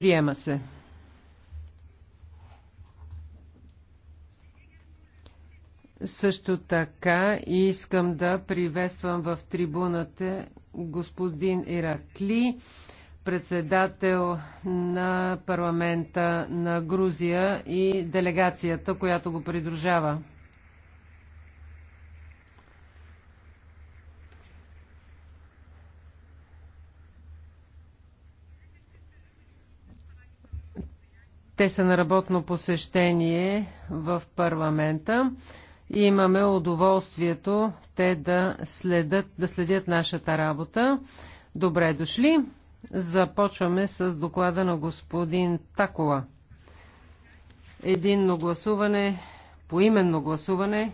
Приема се. Също така искам да приветствам в трибуната господин Иракли, председател на парламента на Грузия и делегацията, която го придружава. Те са на работно посещение в парламента и имаме удоволствието те да следят, да следят нашата работа. Добре дошли! Започваме с доклада на господин Такова. Единно гласуване, поименно гласуване